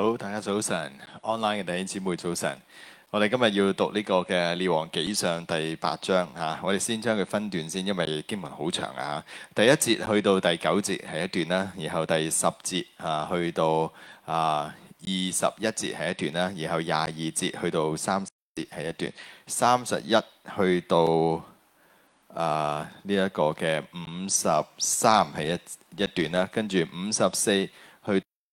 好，大家早晨，online 嘅弟兄姊妹早晨。我哋今日要讀呢個嘅列王紀上第八章嚇，啊，我哋先將佢分段先，因為經文好長啊。第一節去到第九節係一段啦，然後第十節啊去到啊二十一節係一段啦，然後廿二節去到三十節係一段，三十一去到啊呢一個嘅五十三係一一段啦，跟住五十四。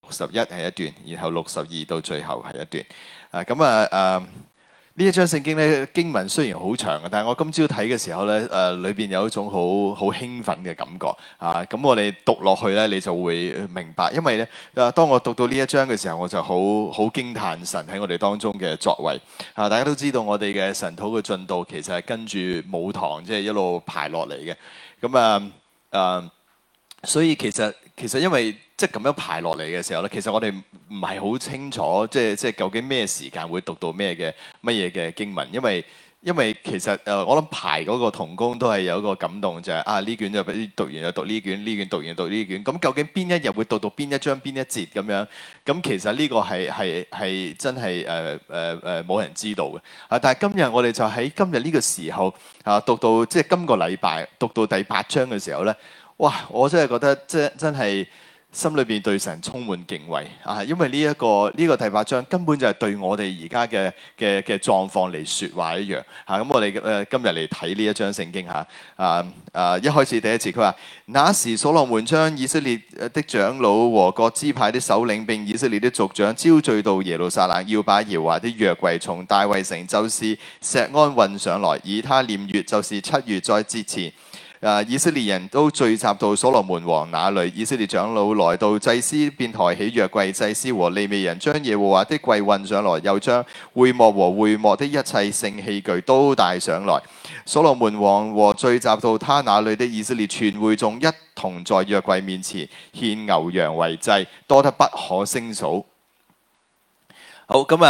六十一係一段，然後六十二到最後係一段。啊，咁啊，嗯，呢一章聖經咧經文雖然好長嘅，但係我今朝睇嘅時候咧，誒、啊、裏邊有一種好好興奮嘅感覺。啊，咁我哋讀落去咧，你就會明白，因為咧，啊，當我讀到呢一章嘅時候，我就好好驚嘆神喺我哋當中嘅作為。啊，大家都知道我哋嘅神土嘅進度其實係跟住母堂，即、就、係、是、一路排落嚟嘅。咁啊，啊，所以其實其實因為。即係咁樣排落嚟嘅時候咧，其實我哋唔係好清楚，即係即係究竟咩時間會讀到咩嘅乜嘢嘅經文，因為因為其實誒，我諗排嗰個童工都係有一個感動，就係、是、啊呢卷就讀完就讀呢卷，呢卷，卷就讀完讀呢卷，咁究竟邊一日會讀到邊一章邊一節咁樣？咁其實呢個係係係真係誒誒誒冇人知道嘅啊！但係今日我哋就喺今日呢個時候啊，讀到即係今個禮拜讀到第八章嘅時候咧，哇！我真係覺得即係真係。真真心裏邊對神充滿敬畏啊！因為呢、這、一個呢、這個第八章根本就係對我哋而家嘅嘅嘅狀況嚟説話一樣嚇。咁、啊嗯、我哋誒、呃、今日嚟睇呢一章聖經嚇啊啊！一開始第一次，佢話：那時所羅門將以色列的長老和各支派的首領並以色列的族長招聚到耶路撒冷，要把耶和華的約櫃從大衛城就是石安運上來，以他念月就是七月在節前。啊、以色列人都聚集到所羅門王那裏。以色列長老來到祭司便抬起約櫃，祭司和利未人將耶和華的櫃運上來，又將會幕和會幕的一切聖器具都帶上來。所羅門王和聚集到他那裏的以色列全會眾一同在約櫃面前獻牛羊為祭，多得不可勝數。好，咁、嗯、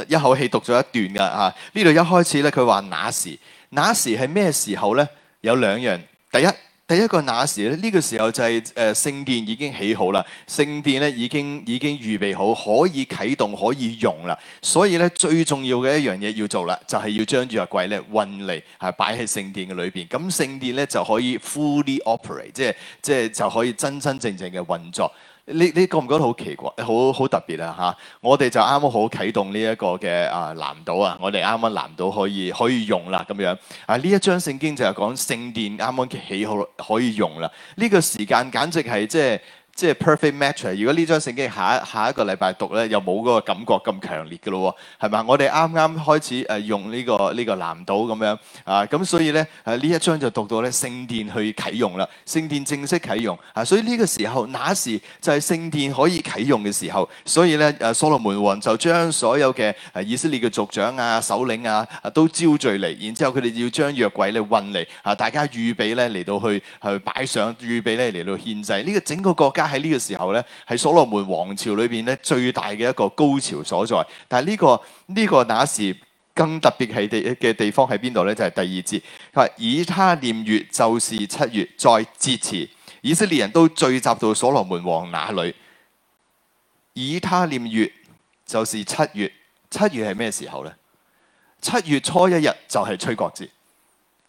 啊，一口氣讀咗一段㗎嚇。呢、啊、度一開始咧，佢話那時，那時係咩時候呢？」有兩樣，第一，第一個那時咧，呢、這個時候就係、是、誒、呃、聖殿已經起好啦，聖殿咧已經已經預備好，可以啟動可以用啦，所以咧最重要嘅一樣嘢要做啦，就係、是、要將住約櫃咧運嚟，係擺喺聖殿嘅裏邊，咁、嗯、聖殿咧就可以 fully operate，即係即係就可以真真正正嘅運作。你你覺唔覺得好奇怪？好好特別啊嚇、啊！我哋就啱啱好啟動呢一個嘅啊藍島啊，我哋啱啱藍島可以可以用啦咁樣啊！呢一章聖經就係講聖殿啱啱起好可以用啦，呢、呢個時間簡直係即係。即係即係 perfect match 啊！如果呢張聖經下一下一個禮拜讀咧，又冇嗰個感覺咁強烈嘅咯喎，係咪？我哋啱啱開始誒用呢個呢個藍島咁樣啊，咁所以咧誒呢一章就讀到咧聖殿去啟用啦，聖殿正式啟用啊！所以呢個時候，那時就係聖殿可以啟用嘅時候，所以咧誒所羅門王就將所有嘅誒以色列嘅族長啊、首領啊都招聚嚟，然之後佢哋要將約櫃咧運嚟啊，大家預備咧嚟到去去擺上，預備咧嚟到獻祭，呢個整個國家。喺呢個時候呢係所羅門王朝裏邊呢最大嘅一個高潮所在，但係、這、呢個呢、這個那時更特別係地嘅地方喺邊度呢？就係、是、第二節，佢話以他念月就是七月，在節前，以色列人都聚集到所羅門王那裏。以他念月就是七月，七月係咩時候呢？七月初一日就係吹角節。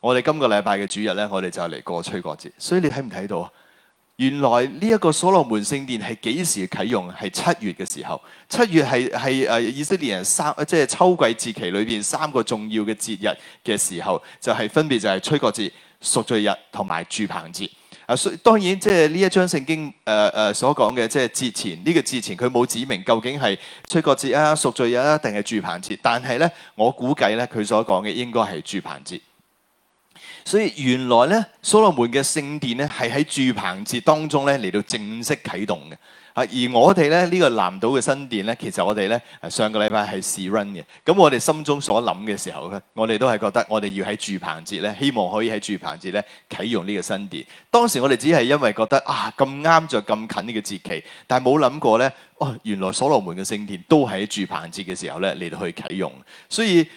我哋今個禮拜嘅主日呢，我哋就嚟過吹角節。所以你睇唔睇到啊？原來呢一個所羅門聖殿係幾時啟用？係七月嘅時候。七月係係誒以色列人三，即係秋季節期裏邊三個重要嘅節日嘅時候，就係分別就係吹角節、贖罪日同埋住棚節。啊，雖當然即係呢一章聖經誒誒所講嘅，即係節前呢個節前，佢冇指明究竟係吹角節啊、贖罪日啊，定係住棚節。但係咧，我估計咧，佢所講嘅應該係住棚節。所以原來咧，所羅門嘅聖殿咧，係喺住棚節當中咧嚟到正式啟動嘅。啊，而我哋咧呢個南島嘅新殿咧，其實我哋咧上個禮拜係試 run 嘅。咁我哋心中所諗嘅時候咧，我哋都係覺得我哋要喺住棚節咧，希望可以喺住棚節咧啟用呢個新殿。當時我哋只係因為覺得啊咁啱著咁近呢個節期，但係冇諗過咧，哦原來所羅門嘅聖殿都係喺住棚節嘅時候咧嚟到去啟用。所以。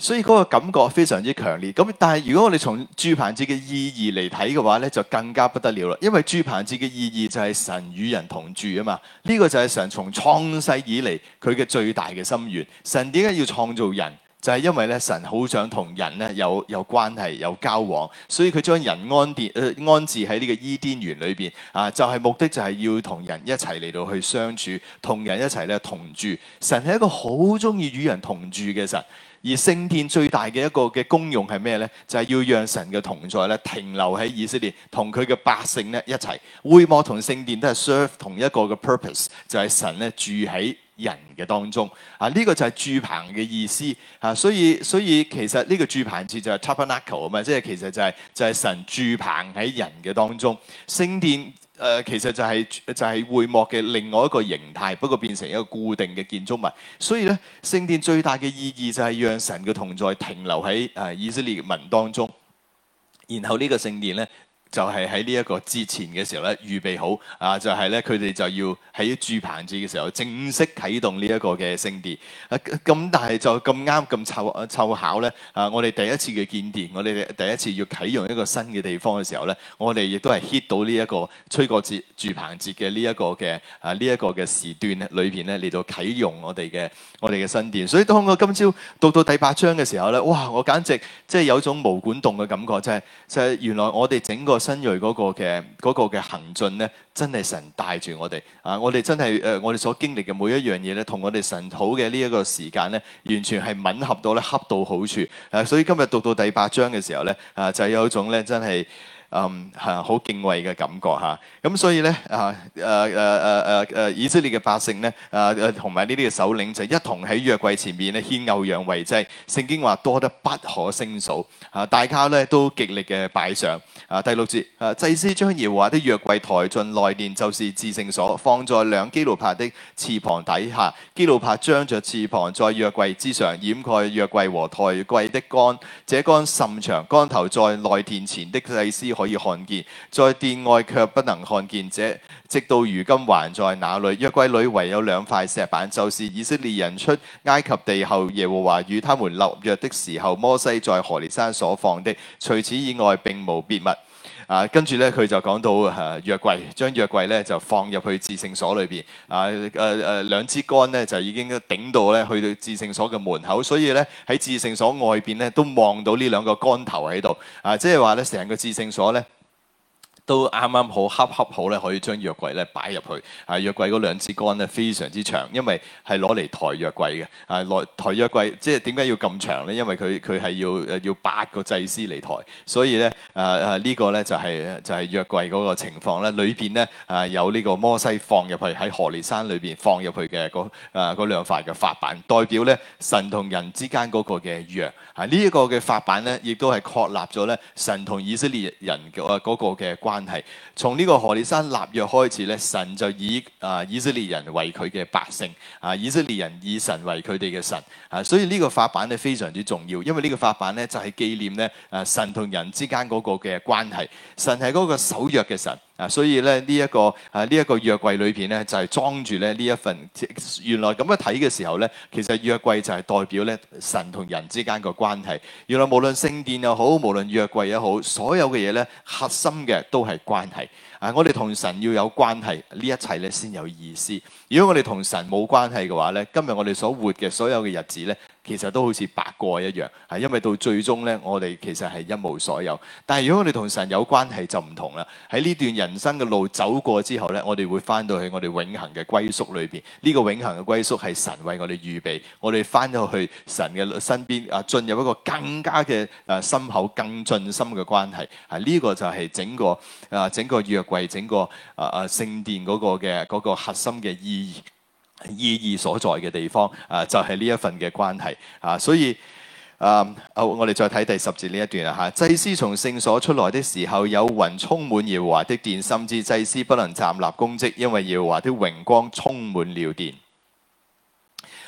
所以嗰個感覺非常之強烈。咁但係如果我哋從住棚節嘅意義嚟睇嘅話咧，就更加不得了啦。因為住棚節嘅意義就係神與人同住啊嘛。呢、這個就係神從創世以嚟佢嘅最大嘅心願，神點解要創造人？就係因為咧，神好想同人咧有有關係、有交往，所以佢將人安殿、誒、呃、安置喺呢個伊甸園裏邊啊，就係、是、目的就係要同人一齊嚟到去相處，同人一齊咧同住。神係一個好鍾意與人同住嘅神，而聖殿最大嘅一個嘅功用係咩咧？就係、是、要讓神嘅同在咧停留喺以色列，同佢嘅百姓咧一齊。會幕同聖殿都係 serve 同一個嘅 purpose，就係神咧住喺人嘅當中，啊呢、這個就係住棚嘅意思，啊所以所以其實呢個住棚字就係 tabernacle 啊嘛，即係其實就係、是、就係、是、神住棚喺人嘅當中。聖殿誒、呃、其實就係、是、就係會幕嘅另外一個形態，不過變成一個固定嘅建築物。所以咧，聖殿最大嘅意義就係讓神嘅同在停留喺啊、呃、以色列民當中。然後個聖呢個聖殿咧。就係喺呢一個節前嘅時候咧，預備好啊！就係、是、咧，佢哋就要喺住棚節嘅時候正式啟動呢一個嘅聖殿啊！咁但係就咁啱咁湊啊湊巧咧啊！我哋第一次嘅建殿，我哋第一次要啟用一個新嘅地方嘅時候咧，我哋亦都係 hit 到、啊這個、呢一個吹過節住棚節嘅呢一個嘅啊呢一個嘅時段咧裏邊咧嚟到啟用我哋嘅我哋嘅新殿。所以當我今朝讀到第八章嘅時候咧，哇！我簡直即係有種毛管動嘅感覺，就係、是、就係原來我哋整個。新銳嗰個嘅、嗰個嘅行進咧，真係神帶住我哋啊！我哋真係誒、呃，我哋所經歷嘅每一樣嘢咧，同我哋神好嘅呢一個時間咧，完全係吻合到咧恰到好處啊！所以今日讀到第八章嘅時候咧，啊，就有一種咧真係。嗯，係好、um，敬畏嘅感覺嚇。咁所以咧，啊，誒誒誒誒誒，以色列嘅百姓咧，啊，同埋呢啲嘅首領就一同喺約櫃前面咧牽牛羊為祭。聖經話多得不可勝數，啊，大家咧都極力嘅擺上。啊，第六節，啊，祭司將耶和華的約櫃抬進內殿，就是至聖所，放在兩基路伯的翅膀底下。基路伯張着翅膀在約櫃之上，掩蓋約櫃和台櫃的竿，這竿甚長，竿頭在內殿前的祭司。可以看見，在殿外卻不能看見這，直到如今還在那裏。約櫃裏唯有兩塊石板，就是以色列人出埃及地後，耶和華與他們立約的時候，摩西在何烈山所放的。除此以外，並無別物。啊，跟住咧佢就講到誒、啊、約櫃，將約櫃咧就放入去至聖所裏邊。啊，誒誒兩支竿咧就已經頂到咧去到至聖所嘅門口，所以咧喺至聖所外邊咧都望到呢兩個竿頭喺度。啊，即係話咧成個至聖所咧。都啱啱好恰恰好咧，可以將約櫃咧擺入去。啊，約櫃嗰兩支杆咧非常之長，因為係攞嚟抬約櫃嘅。啊，攞抬約櫃，即係點解要咁長咧？因為佢佢係要誒要八個祭司嚟抬，所以咧啊、這個呢就是就是、呢啊呢個咧就係就係約櫃嗰個情況咧。裏邊咧啊有呢個摩西放入去喺何烈山裏邊放入去嘅個啊嗰兩塊嘅法板，代表咧神同人之間嗰個嘅約。啊，這個、呢一個嘅法板咧，亦都係確立咗咧神同以色列人嘅嗰、那個嘅關係。那個關問從呢個何烈山立約開始咧，神就以啊、呃、以色列人為佢嘅百姓，啊以色列人以神為佢哋嘅神，啊所以呢個法版咧非常之重要，因為呢個法版咧就係、是、紀念咧啊、呃、神同人之間嗰個嘅關係，神係嗰個守約嘅神。啊，所以咧呢一、呢個啊、呢個、呢一個約櫃裏邊咧就係裝住咧呢一份，原來咁樣睇嘅時候咧，其實約櫃就係代表咧神同人之間個關係。原來無論聖殿又好，無論約櫃也好，所有嘅嘢咧核心嘅都係關係。啊，我哋同神要有關係，呢一切咧先有意思。如果我哋同神冇關係嘅話咧，今日我哋所活嘅所有嘅日子咧，其實都好似白過一樣，係因為到最終呢，我哋其實係一無所有。但係如果我哋同神有關係，就唔同啦。喺呢段人生嘅路走過之後呢，我哋會翻到去我哋永恆嘅歸宿裏邊。呢、這個永恆嘅歸宿係神為我哋預備，我哋翻到去神嘅身邊啊，進入一個更加嘅誒深厚、更進深嘅關係。係、啊、呢、這個就係整個誒整個約櫃、整個誒誒聖殿嗰個嘅嗰、那個核心嘅意義。意義所在嘅地方啊，就係、是、呢一份嘅關係啊，所以啊，哦、我哋再睇第十節呢一段啊。祭司從聖所出來的時候，有雲充滿耶和華的殿，甚至祭司不能站立供職，因為耶和華的榮光充滿了殿。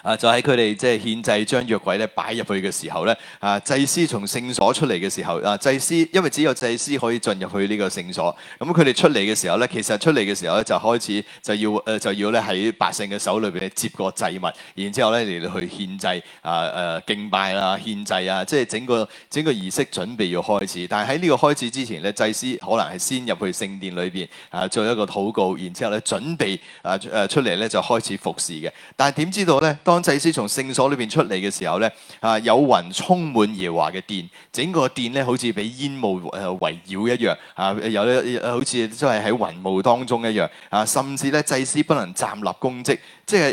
啊！就喺佢哋即係獻祭將約櫃咧擺入去嘅時候咧，啊祭司從聖所出嚟嘅時候，啊祭司因為只有祭司可以進入去呢個聖所，咁佢哋出嚟嘅時候咧，其實出嚟嘅時候咧就開始就要誒、呃、就要咧喺百姓嘅手裏邊接個祭物，然之後咧嚟去獻祭、呃呃，啊啊敬拜啦、獻祭啊，即、就、係、是、整個整個儀式準備要開始。但係喺呢個開始之前咧，祭司可能係先入去聖殿裏邊啊做一個禱告，然之後咧準備啊誒出嚟咧就開始服侍嘅。但係點知道咧？當祭司從聖所裏邊出嚟嘅時候咧，啊有雲充滿耶和華嘅殿，整個殿咧好似俾煙霧誒圍繞一樣，啊有咧好似即係喺雲霧當中一樣，啊甚至咧祭司不能站立供職。即係誒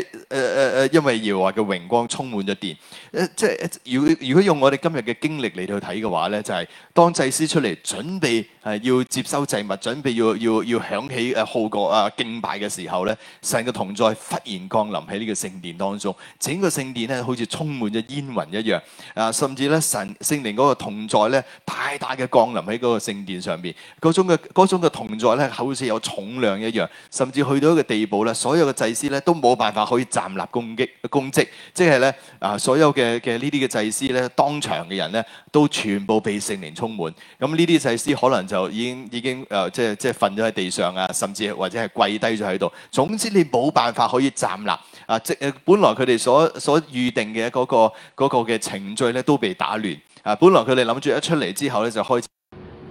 誒誒，因為耶和華嘅榮光充滿咗殿。誒即係，如果如果用我哋今日嘅經歷嚟到睇嘅話咧，就係當祭司出嚟準備係要接收祭物，準備要要要響起誒號角啊敬拜嘅時候咧，神嘅同在忽然降臨喺呢個聖殿當中，整個聖殿咧好似充滿咗煙雲一樣。啊，甚至咧神聖靈嗰個同在咧，大大嘅降臨喺嗰個聖殿上邊，嗰種嘅嗰種嘅同在咧，好似有重量一樣，甚至去到一個地步咧，所有嘅祭司咧都冇辦法。法可以站立攻擊攻擊，即係咧啊！所有嘅嘅呢啲嘅祭司咧，當場嘅人咧，都全部被聖靈充滿。咁呢啲祭司可能就已經已經誒，即係即係瞓咗喺地上啊，甚至或者係跪低咗喺度。總之你冇辦法可以站立啊！即誒，本來佢哋所所預定嘅嗰個嗰個嘅程序咧，都被打亂啊！本來佢哋諗住一出嚟之後咧，就開。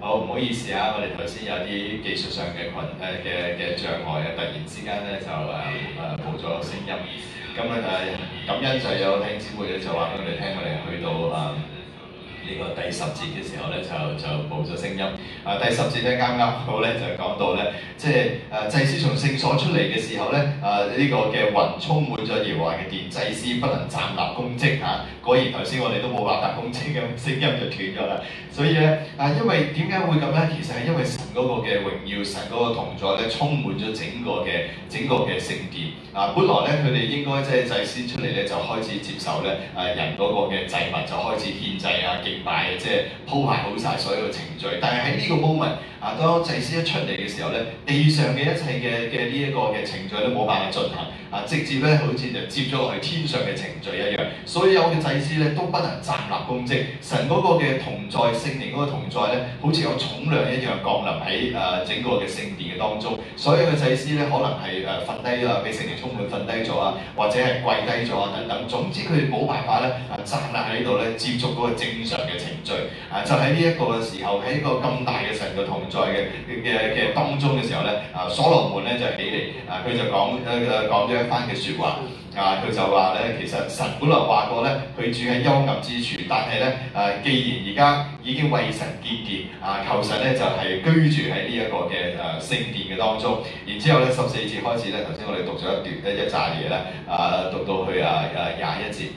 好唔、oh, 好意思啊，我哋頭先有啲技術上嘅困誒嘅嘅障礙啊，突然之間咧就誒誒冇咗聲音，咁咧誒感恩就有聽姊妹咧，就話俾我哋聽，我哋去到誒。啊呢個第十節嘅時候咧，就就冇咗聲音。啊，第十節咧啱啱好咧就講到咧，即係誒、啊、祭司從聖所出嚟嘅時候咧，啊呢、這個嘅雲充滿咗耶和華嘅殿，祭司不能站立公職嚇、啊。果然頭先我哋都冇辦法公職，咁聲音就斷咗啦。所以咧啊，因為點解會咁咧？其實係因為神嗰個嘅榮耀，神嗰個同在咧充滿咗整個嘅整個嘅聖殿。啊，本來咧佢哋應該即係祭司出嚟咧就開始接受咧誒、啊、人嗰個嘅祭物，就開始獻祭啊。即係鋪排好晒所有嘅程序，但係喺呢個 moment 啊，當祭司一出嚟嘅時候咧，地上嘅一切嘅嘅呢一個嘅程序都冇辦法進行，啊直接咧好似就接咗落去天上嘅程序一樣，所有嘅祭司咧都不能站立供職，神嗰個嘅同在聖靈嗰個同在咧，好似有重量一樣降臨喺誒整個嘅聖殿嘅當中，所有嘅祭司咧可能係誒瞓低啊，俾聖靈充滿瞓低咗啊，或者係跪低咗啊等等，總之佢哋冇辦法咧站立喺呢度咧接觸嗰個正常。嘅程序啊，就喺呢一個嘅時候，喺一個咁大嘅神嘅同在嘅嘅嘅當中嘅時候咧，啊，所羅門咧就係起嚟啊，佢就講誒誒講咗一番嘅説話啊，佢就話咧其實神本來話過咧，佢住喺幽暗之處，但係咧誒，既然而家已經為神潔淨啊，求神咧就係居住喺呢一個嘅誒聖殿嘅當中，然之後咧十四節開始咧，頭先我哋讀咗一段得一紮嘢咧啊，讀到去啊啊廿一節，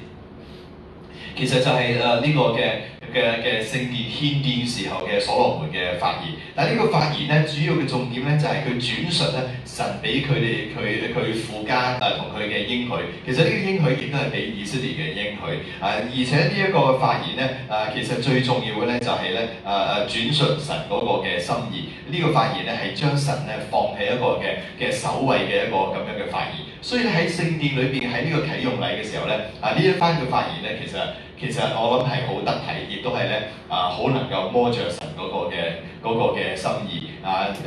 其實就係誒呢個嘅。嘅嘅聖殿獻殿時候嘅所羅門嘅發言，但係呢個發言咧，主要嘅重點咧就係佢轉述咧神俾佢哋佢佢父家啊同佢嘅應許，其實呢個應許亦都係俾以色列嘅應許啊，而且呢一個發言咧啊，其實最重要嘅咧就係咧啊啊轉述神嗰個嘅心意，這個、呢個發言咧係將神咧放喺一個嘅嘅首位嘅一個咁樣嘅發言，所以喺聖殿裏邊喺呢個啟用禮嘅時候咧啊，一番呢一番嘅發言咧其實。其實我諗係好得體，亦都係咧啊，好能夠摸着神嗰個嘅。嗰個嘅心意啊，誒，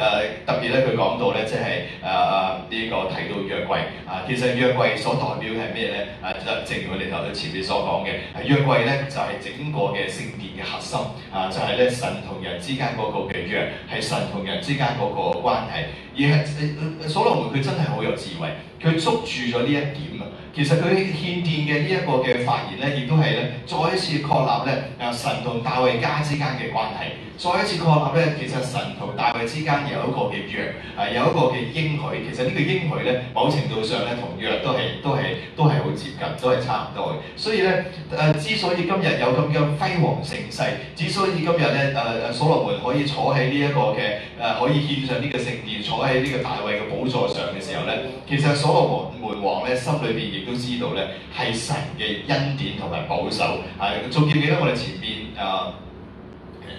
特別呢，佢講到呢，即係啊、啊呢、呢個提到約櫃啊，其實約櫃所代表係咩呢？啊，正如我哋頭先前面所講嘅，啊，約櫃呢就係，是，整個嘅聖殿嘅核心啊，就係，是，呢神同人之間嗰個嘅約，係神同人之間嗰個關係，而係所羅門佢真係好有智慧，佢捉住咗呢一點啊，其實佢獻殿嘅呢一個嘅發言呢，亦都係呢，再一次確立呢由，啊、神同大衛家之間嘅關係。再一次概括咧，其實神同大衛之間有一個嘅約，係有一個嘅應許。其實個呢個應許咧，某程度上咧，同約都係都係都係好接近，都係差唔多嘅。所以咧，誒、呃、之所以今日有咁樣輝煌盛世，之所以今日咧，誒、呃、誒所羅門可以坐喺呢一個嘅誒、呃、可以獻上呢個聖殿，坐喺呢個大衛嘅寶座上嘅時候咧，其實所羅門王咧心裏邊亦都知道咧，係神嘅恩典同埋保守。係、啊，仲要記得我哋前面。誒、呃。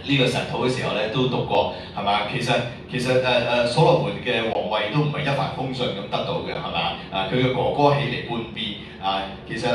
呢個神土嘅時候咧，都讀過係嘛？其實其實誒誒，所、呃呃、所羅門嘅皇位都唔係一帆風順咁得到嘅係嘛？啊，佢嘅哥哥起嚟叛變啊，其實咧誒誒誒，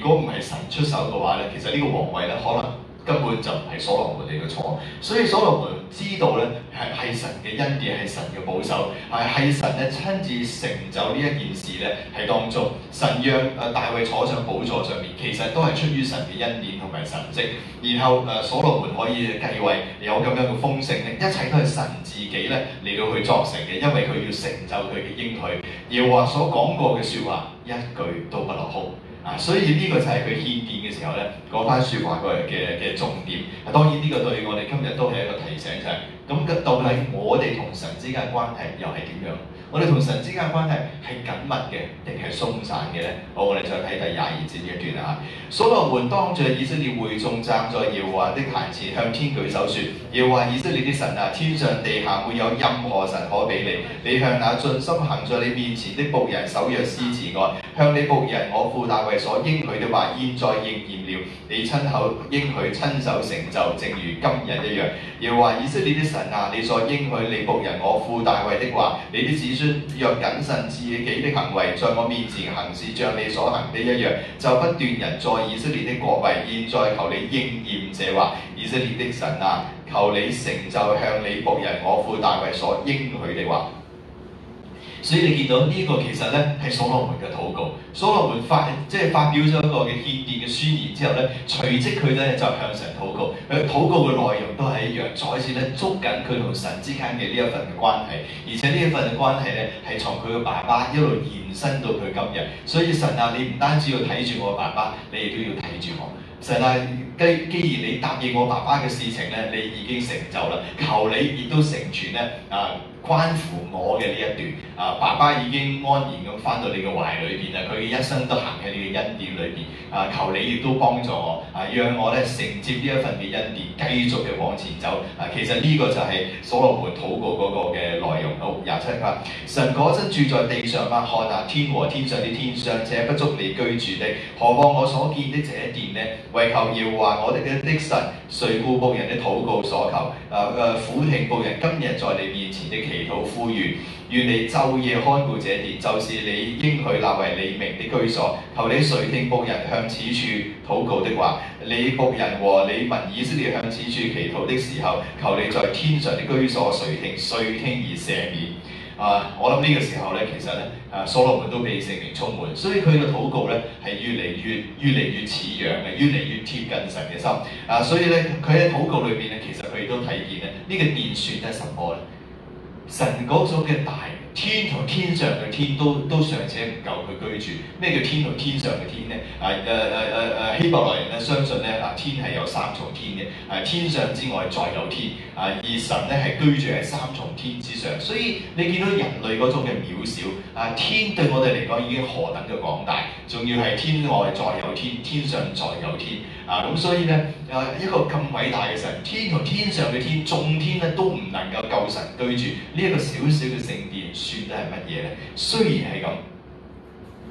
如果唔係神出手嘅話咧，其實呢個皇位咧可能。根本就唔係所羅門嚟嘅錯，所以所羅門知道呢係神嘅恩典，係神嘅保守，係神嘅親自成就呢一件事呢，喺當中神。神、啊、讓大衛坐上寶座上面，其實都係出於神嘅恩典同埋神蹟。然後、呃、所羅門可以繼位，有咁樣嘅豐盛，呢一切都係神自己咧嚟到去作成嘅，因為佢要成就佢嘅應許。而我所講過嘅説話，一句都不落空。啊，所以呢個就係佢獻見嘅時候咧，講翻説話嘅嘅嘅重點。當然呢個對我哋今日都係一個提醒就係，咁到底我哋同神之間關係又係點樣？我哋同神之間的關係係緊密嘅定係鬆散嘅呢？好，我哋再睇第廿二節嘅一段啊！所羅門當着以色列會眾站在耶和華的壇前，向天舉手說：耶和華以色列的神啊，天上地下沒有任何神可比你。你向那盡心行在你面前的僕人守約施慈愛，向你僕人我父大衛所應許的話，現在應驗了。你親口應許親手成就，正如今日一樣。耶和華以色列的神啊，你所應許你僕人我父大衛的話，你啲子孫。若謹慎自己的行為，在我面前行事，像你所行的一樣，就不斷人在以色列的國位。現在求你應驗這話。以色列的神啊，求你成就向你僕人我父大衛所應許的話。所以你見到呢、這個其實咧係所羅門嘅禱告，所羅門發即係發表咗一個嘅獻殿嘅宣言之後隨呢，隨即佢咧就向神禱告，佢禱告嘅內容都係一樣，再次咧捉緊佢同神之間嘅呢一份關係，而且呢一份的關係呢，係從佢嘅爸爸一路延伸到佢今日。所以神啊，你唔單止要睇住我爸爸，你亦都要睇住我。神啊既，既然你答應我爸爸嘅事情呢，你已經成就啦，求你亦都成全呢。啊！關乎我嘅呢一段啊，爸爸已經安然咁翻到你嘅懷裏邊啦，佢嘅一生都行喺你嘅恩典裏邊啊，求你亦都幫助我啊，讓我咧承接呢一份嘅恩典，繼續嘅往前走啊，其實呢個就係所羅門禱告嗰個嘅內容。好、啊、廿七節，神果真住在地上嗎？看啊，天和天上啲天上尚且不足你居住的，何況我所見的這殿呢？為求要話我哋嘅的，的神垂顧僕人的禱告所求，誒、啊、誒，俯聽僕人今日在你面前的祈禱呼籲，願你晝夜看顧這地，就是你應許立為你名的居所。求你垂聽僕人向此處禱告的話，你僕人和你民以色列向此處祈禱的時候，求你在天上的居所垂聽、垂聽而赦免。啊！我諗呢個時候咧，其實咧，啊，所羅門都被聖靈充滿，所以佢嘅禱告咧係越嚟越、越嚟越似樣嘅，越嚟越貼近神嘅心。啊，所以咧，佢喺禱告裏邊咧，其實佢亦都睇見咧，呢、這個電算係什麼咧？神嗰種嘅大天同天上嘅天都都尚且唔夠佢居住。咩叫天同天上嘅天呢？啊，誒誒誒，希伯來人相信呢，啊，天係有三重天嘅，啊，天上之外再有天，啊，而神咧係居住喺三重天之上，所以你見到人類嗰種嘅渺小啊，天對我哋嚟講已經何等嘅廣大，仲要係天外再有天，天上再有天。啊！咁所以咧，誒一個咁偉大嘅神，天同天上嘅天，眾天咧都唔能夠夠神居住。呢一個小小嘅聖殿算得係乜嘢咧？雖然係咁，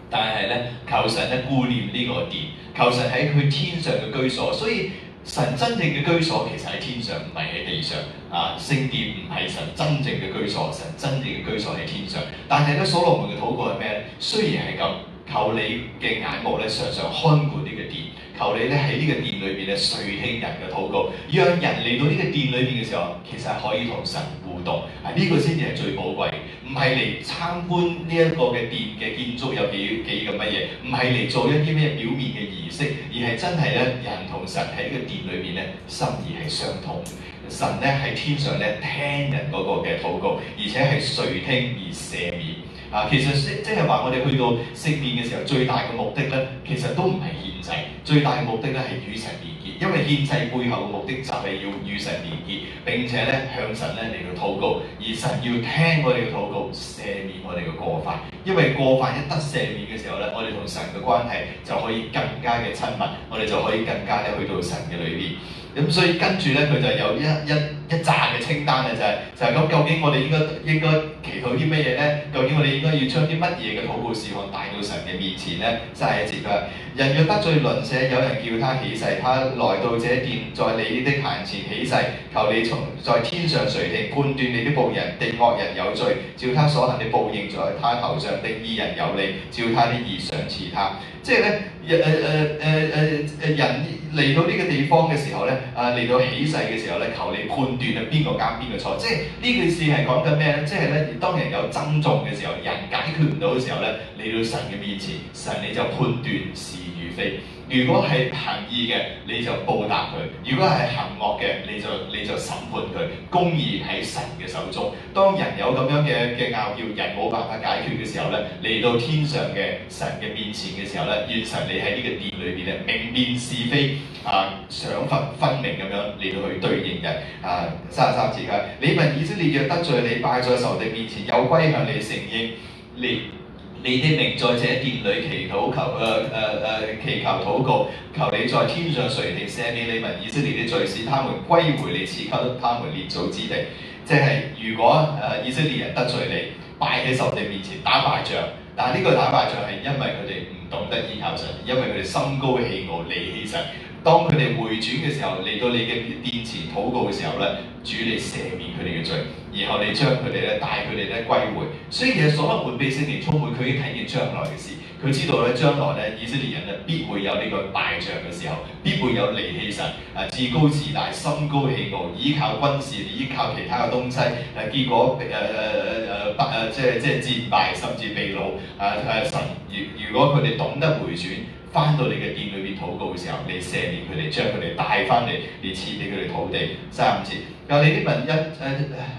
但係咧求神咧顧念呢個殿，求神喺佢天上嘅居所。所以神真正嘅居所其實喺天上，唔係喺地上。啊，聖殿唔係神真正嘅居所，神真正嘅居所喺天上。但係咧，所羅門嘅禱告係咩咧？雖然係咁，求你嘅眼目咧常常看管呢個殿。求你咧喺呢個殿裏邊咧垂聽人嘅禱告，讓人嚟到呢個殿裏面嘅時候，其實可以同神互動，係，啊，呢個先至係最寶貴，唔係嚟參觀呢一個嘅殿嘅建築有幾幾咁乜嘢，唔係嚟做一啲咩表面嘅儀式，而係真係人同神喺呢個殿裏邊咧心意係相通，神咧喺天上咧聽人嗰個嘅禱告，而且係垂聽而赦免。啊，其實即即係話，我哋去到赦免嘅時候，最大嘅目的咧，其實都唔係獻祭。最大嘅目的咧係與神連結。因為獻祭背後嘅目的就係要與神連結，並且咧向神咧嚟到禱告，而神要聽我哋嘅禱告，赦免我哋嘅過犯。因為過犯一得赦免嘅時候咧，我哋同神嘅關係就可以更加嘅親密，我哋就可以更加嘅去到神嘅裏邊。咁、嗯、所以跟住咧，佢就有一一一紮嘅清單咧，就係就係咁。究竟我哋應該應該祈禱啲乜嘢咧？究竟我哋應該要將啲乜嘢嘅禱告事項帶到神嘅面前咧？真係嘅。人若得罪鄰舍，有人叫他起誓，他來到這殿，在你的壇前起誓，求你從在天上垂聽，判斷你的報人定惡人有罪，照他所行的報應在他頭上，定義人有理。照他的義賞賜他。即係咧，誒誒誒誒誒人。人嚟到呢個地方嘅時候呢，啊嚟到起誓嘅時候呢，求你判斷啊邊個啱邊個錯，即係呢件事係講緊咩呢？即係呢，當人有爭訟嘅時候，人解決唔到嘅時候呢。嚟到神嘅面前，神你就判斷是與非。如果係行義嘅，你就報答佢；如果係行惡嘅，你就你就審判佢。公義喺神嘅手中。當人有咁樣嘅拗叫，人冇辦法解決嘅時候呢，嚟到天上嘅神嘅面前嘅時候呢，願神你喺呢個殿裏面，咧，明辨是非，啊，賞罰分明咁樣嚟去對應人。啊，三十三節啊，你問以色列若得罪你，拜在仇敵面前又歸向你承認，你。你的名在這殿裏祈禱求誒誒、呃呃呃、祈求禱告求你在天上垂聽赦免你民以色列的罪，使他們歸回你賜給他們列祖之地。即係如果誒、呃、以色列人得罪你，敗喺仇敵面前打敗仗，但係呢個打敗仗係因為佢哋唔懂得依靠神，因為佢哋心高氣傲、驕傲自當佢哋回轉嘅時候，嚟到你嘅殿前禱告嘅時候呢，主你赦免佢哋嘅罪，然後你將佢哋咧帶佢哋咧歸回。所以其實所羅門被聖靈充滿，佢已經睇見將來嘅事。佢知道咧將來咧以色列人必會有呢個敗仗嘅時候，必會有離棄神，誒自高自大、心高氣傲，依靠軍事、依靠其他嘅東西，誒結果誒誒誒誒敗誒即係即係戰敗，甚至被擄，啊。誒、uh, 誒、uh, 神如，如如果佢哋懂得回轉。翻到你嘅殿裏面禱告嘅時候，你赦免佢哋，將佢哋帶翻嚟，你賜畀佢哋土地，三五次，有你啲民因誒、呃、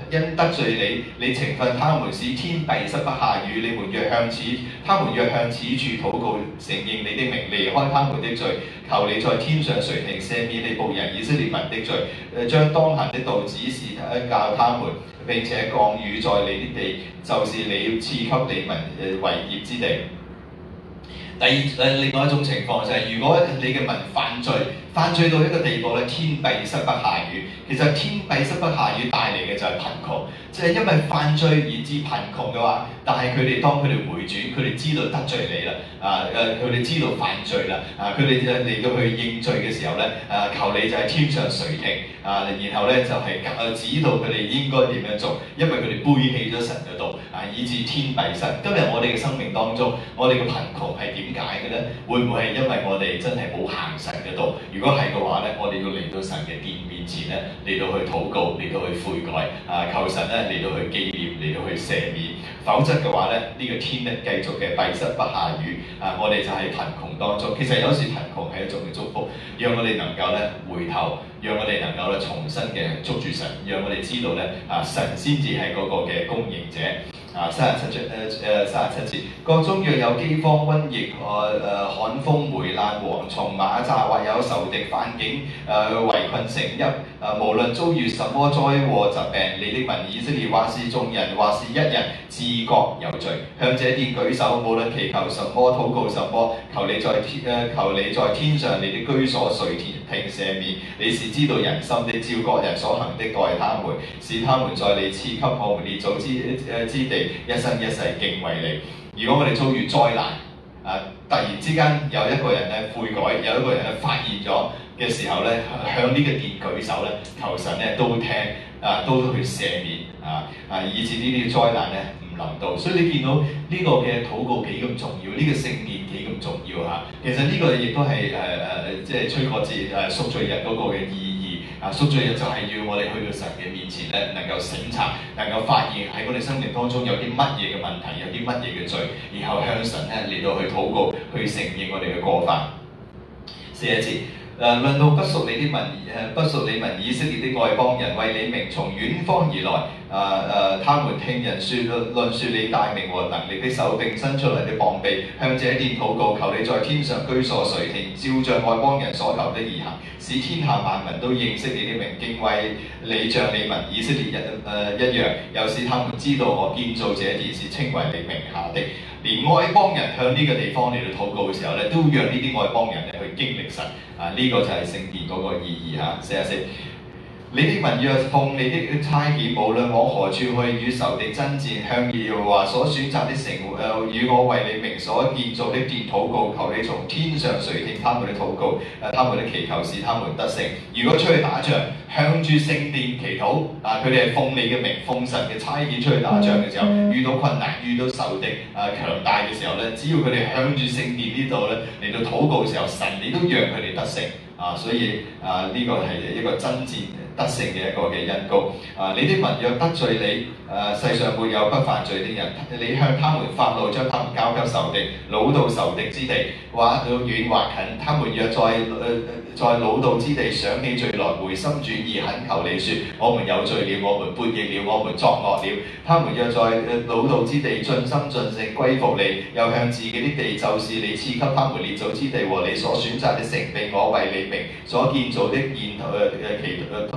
因得罪你，你懲罰他們，使天地失不下雨。你們若向此，他們若向此處禱告，承認你的名，離開他們的罪，求你在天上垂聽赦免你僕人以色列民的罪。誒、呃，將當行的道指示誒、呃、教他們，並且降雨在你的地，就是你要賜給地民誒為業之地。第二，另外一種情況就係，如果你嘅民犯罪，犯罪到一個地步咧，天閉塞不下雨。其實天閉塞不下雨帶嚟嘅就係貧窮，即係因為犯罪而致貧窮嘅話。但係佢哋當佢哋回轉，佢哋知道得罪你啦，啊，誒，佢哋知道犯罪啦，啊，佢哋就嚟到去認罪嘅時候咧，誒、啊，求你就係天上垂聽，啊，然後咧就係、是、教指導佢哋應該點樣做，因為佢哋背棄咗神嘅道，啊，以致天閉塞。今日我哋嘅生命當中，我哋嘅貧窮係點解嘅咧？會唔會係因為我哋真係冇行神嘅道？如果係嘅話咧，我哋要嚟到神嘅見面前咧嚟到去禱告，嚟到去悔改，啊，求神咧嚟到去紀念，嚟到去赦免，否則嘅話呢，呢個天咧繼續嘅閉塞不下雨，啊，我哋就喺貧窮當中。其實有時貧窮係一種嘅祝福，讓我哋能夠呢回頭，讓我哋能夠呢重新嘅捉住神，讓我哋知道呢，啊神先至係嗰個嘅供應者。啊，三十七出，誒、呃、誒，三十七次。國中若有飢荒瘟疫，誒、呃、誒，旱風霉爛，蝗蟲螞蚱，或有仇敵犯境，誒圍困城邑。誒、呃，無論遭遇什麼災禍疾病，你的民以色列，或是眾人，或是一人，自覺有罪，向這殿舉，舉手，無論祈求什麼，禱告什麼。求你在天求你在天上你的居所垂聽、平赦免。你是知道人心的，照各人所行的待他們，使他們在你賜給我們列祖之之地，一生一世敬畏你。如果我哋遭遇災難，啊，突然之間有一個人誒悔改，有一個人誒發現咗嘅時候呢、啊、向呢個殿舉手呢求神呢都聽啊，都去赦免啊，啊以至呢啲災難呢。難度，所以你見到呢個嘅禱告幾咁重要，呢、這個聖殿幾咁重要嚇。其實呢個亦都係誒誒，即、啊、係、就是、吹角節誒，贖罪日嗰個嘅意義。啊，贖罪日就係要我哋去到神嘅面前咧，能夠審察，能夠發現喺我哋生命當中有啲乜嘢嘅問題，有啲乜嘢嘅罪，然後向神咧嚟到去禱告，去承認我哋嘅過犯。四一節。誒、啊，論到不屬你啲民，誒，不屬你民以色列啲外邦人為，為你名從遠方而來。誒誒、呃，他們聽人説論論你大名和能力的手，並伸出嚟的膀臂，向這殿禱告，求你在天上居所垂聽，照著外邦人所求的而行，使天下萬民都認識你的名經，敬畏你像你民以色列人、呃、一樣。又使他們知道我建造這件事，稱為你名下的。連外邦人向呢個地方你去禱告嘅時候咧，都讓呢啲外邦人去經歷神。啊，呢、這個就係聖殿嗰個意義嚇，識一識。四你的民若奉你的差遣，無論往何處去與仇敵爭戰，向耶和華所選擇的城，誒與我為你名所建造的殿，禱告，求你從天上垂聽他們的禱告，他們的祈求，使他們得勝。如果出去打仗，向住聖殿祈禱，啊，佢哋係奉你嘅名，奉神嘅差遣出去打仗嘅時候，遇到困難、遇到仇敵啊強大嘅時候咧，只要佢哋向住聖殿呢度咧嚟到禱告嘅時候，神你都讓佢哋得勝啊。所以啊，呢個係一個爭戰。得勝嘅一個嘅因故，啊！你的民若得罪你，啊！世上沒有不犯罪的人，你向他們發怒，將他們交給仇敵，老到仇敵之地，話到遠或近，他們若在誒、呃、在老到之地想起罪來，回心轉意，懇求你説：我們有罪了，我們叛逆，逆了，我們作惡了。他們若在誒、呃、老到之地盡心盡性歸服你，又向自己的地，就是你賜給他們列祖之地和你所選擇的城，並我為你名所建造的殿，誒、呃、誒其、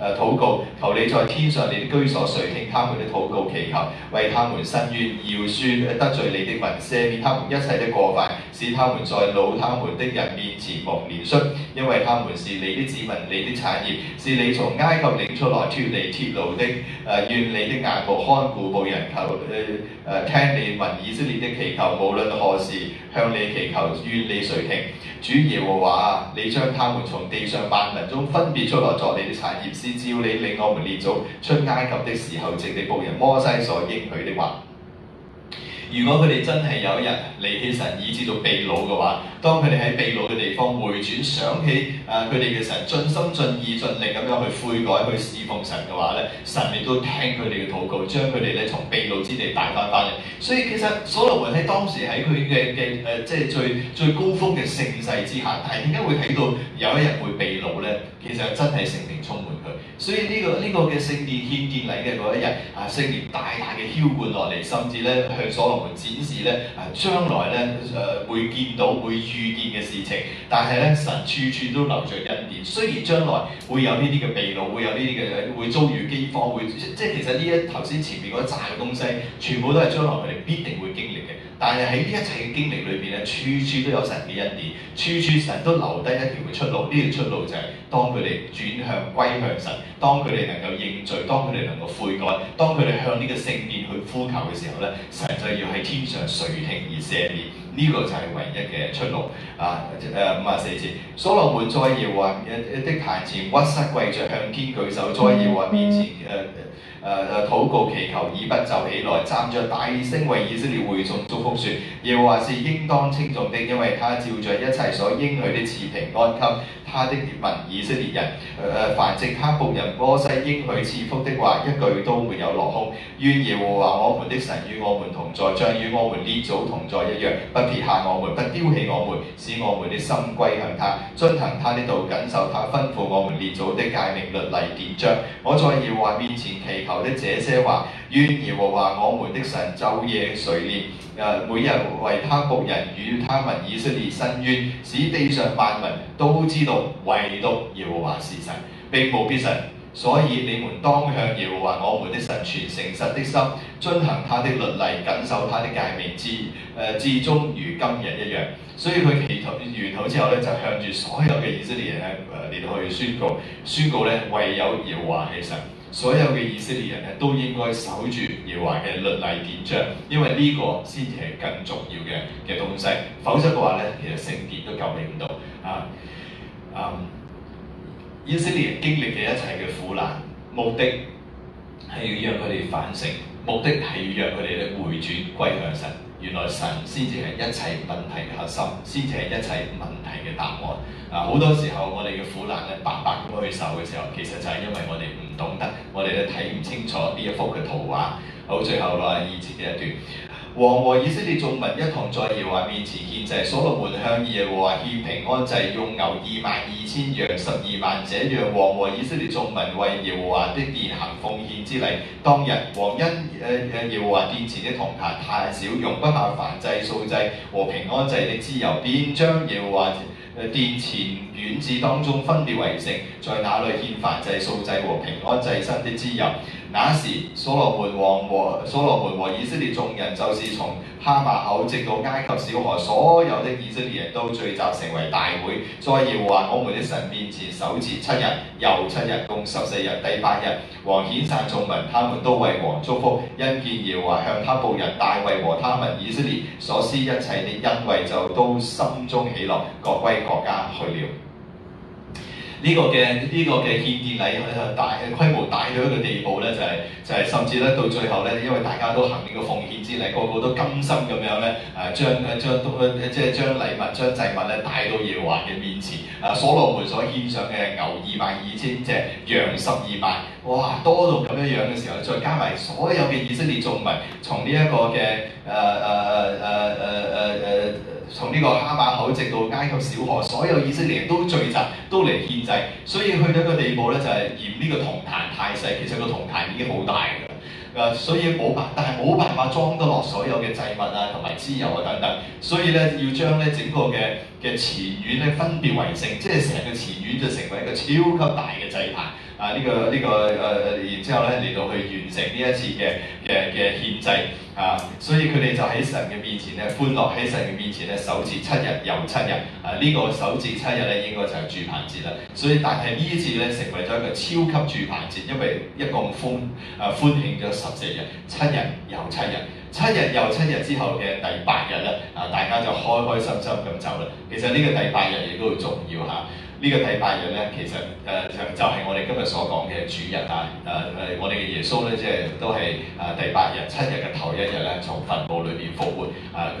誒禱、啊、告，求你在天上你的居所垂聽他們的禱告祈求，為他們伸冤，饒恕得罪你的民，赦免他們一切的過犯，使他們在擄他們的人面前蒙憐恤，因為他們是你的子民，你的產業，是你從埃及領出來脫離鐵爐的誒，願、呃、你的眼目看顧無人求誒誒、呃、聽你民以色列的祈求，無論何時向你祈求，願你垂聽主耶和華，你將他們從地上萬民中分別出來作你的產業。只要你令我們列祖出埃及的時候，直地僕人摩西所應許的話。如果佢哋真係有一日離棄神以致到被擄嘅話，當佢哋喺被擄嘅地方回轉，想起啊佢哋嘅神，盡心盡意盡力咁樣去悔改去侍奉神嘅話咧，神亦都聽佢哋嘅禱告，將佢哋咧從被擄之地帶翻翻嚟。所以其實所羅門喺當時喺佢嘅嘅誒即係最最高峯嘅盛世之下，但係點解會睇到有一日會被擄咧？其實真係聖靈充滿佢。所以呢個呢個嘅聖殿獻獻禮嘅嗰一日啊，聖靈大大嘅澆灌落嚟，甚至咧向所羅。展示咧，誒，將來咧誒、呃，會見到會遇見嘅事情，但係咧神處處都留着印記。雖然將來會有呢啲嘅秘魯，會有呢啲嘅會遭遇飢荒，會即係其實呢一頭，先前面嗰一紮嘅東西，全部都係將來佢哋必定會經歷嘅。但係喺呢一切嘅經歷裏邊咧，處處都有神嘅恩典，處處神都留低一條嘅出路。呢、這、條、個、出路就係當佢哋轉向歸向神，當佢哋能夠認罪，當佢哋能夠悔改，當佢哋向呢個聖殿去呼求嘅時候咧，神就要喺天上垂聽而赦免。呢、這個就係唯一嘅出路。啊，誒五啊四節。所羅門在耶和華，一、啊、啲壇前屈膝跪著，向天舉手在耶和華，面前。啊」誒、啊。誒誒，禱、呃、告祈求以不就起來站着大聲為以色列會眾，祝福說，耶和華是應當稱頌的因為他照着一切所應許的賜平安給他的民以色列人。誒、呃、誒，凡藉他僕人摩西應許賜福的話，一句都沒有落空。願耶和華我們的神與我們同在，將與我們列祖同在一樣，不撇下我們，不丟棄我們，使我們的心歸向他，遵行他的道，謹守他吩咐我們列祖的誡命律例典章。我在耶和華面前祈。的這些話，願耶和華我們的神晝夜垂憐，誒、呃、每日為他僕人與他民以色列伸冤，使地上萬民都知道唯獨耶和華是神，並無別神。所以你們當向耶和華我們的神存誠實的心，遵行他的律例，緊守他的誡命，至誒至終如今日一樣。所以佢祈禱完禱之後咧，就向住所有嘅、呃、以色列人誒連去宣告，宣告咧唯有耶和華係神。所有嘅以色列人咧，都應該守住耶和華嘅律例典章，因為呢個先至係更重要嘅嘅東西。否則嘅話咧，其實聖潔都救你唔到啊！嗯，以色列人經歷嘅一切嘅苦難，目的係要讓佢哋反省，目的係要讓佢哋咧回轉歸向神。原來神先至係一切問題嘅核心，先至係一切問題嘅答案。啊，好多時候我哋嘅苦難咧，白白咁去受嘅時候，其實就係因為我哋唔～懂得我哋都睇唔清楚呢一幅嘅圖畫。好，最後落廿二節嘅一段，王和以色列眾民一同在耶和華殿前獻祭，所羅門向耶和華獻平安祭，用牛二萬二千，羊十二萬隻羊。王和以色列眾民為耶和華的殿行奉獻之禮。當日王因誒誒耶和華殿前的銅壇太少，用不下燔祭、素祭和平安祭的脂油，便將耶和華誒殿前。院子當中分別為聖，在那裏獻燔祭、素祭和平安祭牲的脂油。那時所羅門王和所羅門和以色列眾人，就是從哈馬口直到埃及小河，所有的以色列人都聚集成為大會，在耶和華我們的神面前守節七日、又七日，共十四日。第八日，王遣散眾民，他們都為王祝福。因見耶和華向他僕人、大衛和他民以色列所施一切的恩惠，就都心中喜樂，各歸各家去了。呢個嘅呢、這個嘅獻殿禮係規模大到一個地步呢就係、是就是、甚至咧到最後呢，因為大家都行呢個奉獻之禮，個個都甘心咁樣呢，誒將誒將禮物將祭物呢帶到耶和華嘅面前。啊、所羅門所獻上嘅牛二萬二千隻，羊十二萬。哇！多到咁樣樣嘅時候，再加埋所有嘅以色列眾民，從呢一個嘅誒誒誒誒誒誒誒，從、呃、呢、呃呃呃呃呃、個哈馬口直到埃及小河，所有以色列人都聚集都嚟獻祭，所以去到一個地步咧，就係、是、嫌呢個銅壇太細，其實個銅壇已經好大㗎喇，啊、呃！所以冇辦，但係冇辦法裝得落所有嘅祭物啊，同埋脂油啊等等，所以咧要將咧整個嘅。嘅前院呢，分別為聖，即係成個前院就成為一個超級大嘅祭壇啊！呢、這個呢、這個誒、呃、然之後呢，嚟到去完成呢一次嘅嘅嘅獻祭啊！所以佢哋就喺神嘅面前呢，歡樂喺神嘅面前呢，守節七日又七日啊！呢、這個守節七日呢，應該就係住棚節啦，所以但係呢次呢，成為咗一個超級住棚節，因為一共歡誒、啊、歡慶咗十四日，七日又七日。七日又七日之後嘅第八日咧，啊，大家就開開心心咁走啦。其實呢個第八日亦都好重要嚇。呢、呢個第八日咧，其實誒就就係我哋今日所講嘅主日啊。誒我哋嘅耶穌咧，即係都係誒第八日七日嘅頭一日咧，從墳墓裏面復活。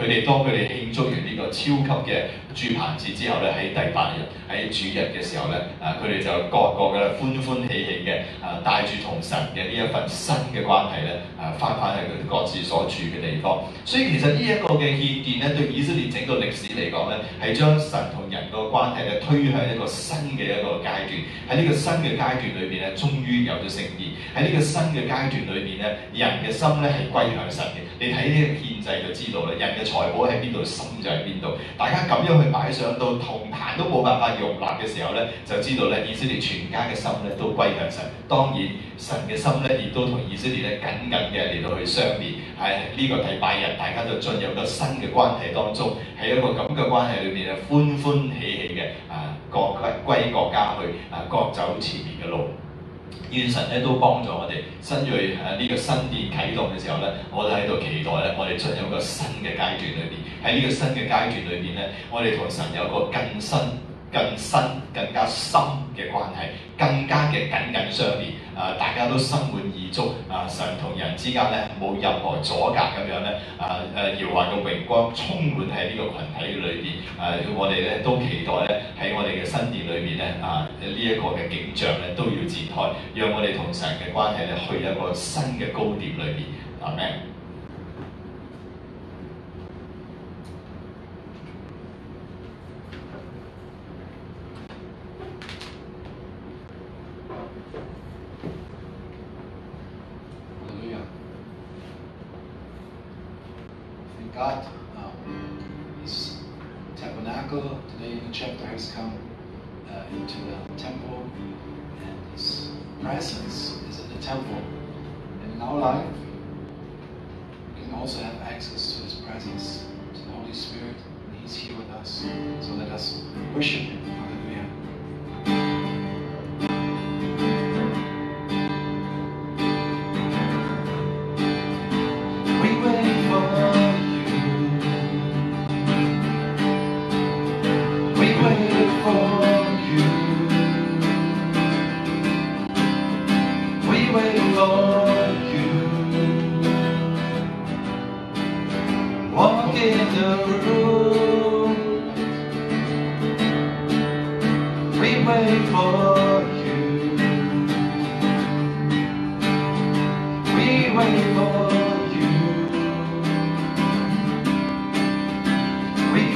誒佢哋，當佢哋慶祝完呢個超級嘅。住棚子之後咧，喺第八日，喺主日嘅時候咧，啊，佢哋就各個嘅啦，歡歡喜喜嘅，啊，帶住同神嘅呢一份新嘅關係咧，啊，翻返去佢各自所住嘅地方。所以其實建建呢一個嘅獻殿咧，對以色列整個歷史嚟講咧，係將神同人個關係咧推向一個新嘅一個階段。喺呢個新嘅階段裏邊咧，終於有咗聖殿。喺呢個新嘅階段裏邊咧，人嘅心咧係歸向神嘅。你睇呢個獻祭就知道啦，人嘅財寶喺邊度，心就喺邊度。大家咁樣去。擺上到同壇都冇辦法容納嘅時候咧，就知道咧以色列全家嘅心咧都歸向神。當然神嘅心咧亦都同以色列咧緊緊嘅嚟到去相連。係呢、這個禮拜日，大家就進入咗新嘅關係當中，喺一個咁嘅關係裏面咧，歡歡喜喜嘅啊，各歸歸國家去啊，各走前面嘅路。願神咧都幫助我哋新銳誒呢個新店啟動嘅時候咧，我哋喺度期待咧，我哋進入一個新嘅階段裏邊。喺呢個新嘅階段裏邊咧，我哋同神有一個更新。更深、更加深嘅關係，更加嘅緊緊相連。誒、呃，大家都心滿意足。誒、呃，神同人之間咧，冇任何阻隔咁樣呢，誒、呃、誒，耶和華嘅榮光充滿喺呢個群體裏面。誒、呃，我哋呢都期待呢，喺我哋嘅新殿裏面呢，啊呢一個嘅景象咧都要展開，讓我哋同神嘅關係咧去一個新嘅高點裏面。啊咩？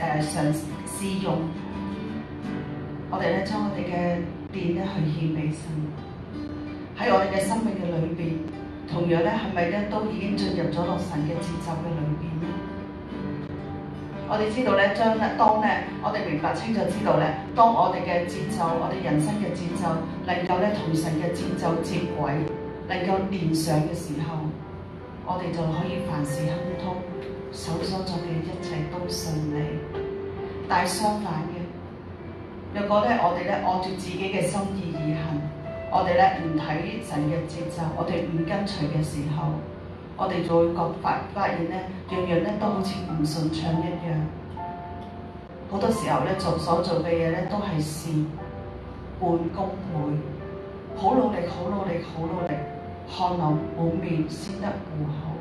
誒嘗試用我哋咧將我哋嘅電咧去獻俾神，喺我哋嘅生命嘅裏邊，同樣咧係咪咧都已經進入咗落神嘅節奏嘅裏邊咧？我哋知道咧，將當咧我哋明白清楚知道咧，當我哋嘅節奏，我哋人生嘅節奏，能夠咧同神嘅節奏接軌，能夠連上嘅時候，我哋就可以凡事亨通。一切都順利，但係相反嘅。若果咧，我哋咧按住自己嘅心意而行，我哋咧唔睇神嘅節奏，我哋唔跟隨嘅時候，我哋就會覺發發現咧，樣樣咧都好似唔順暢一樣。好多時候咧做所做嘅嘢咧都係事半功倍，好努力，好努力，好努，努力，汗流滿面先得糊口。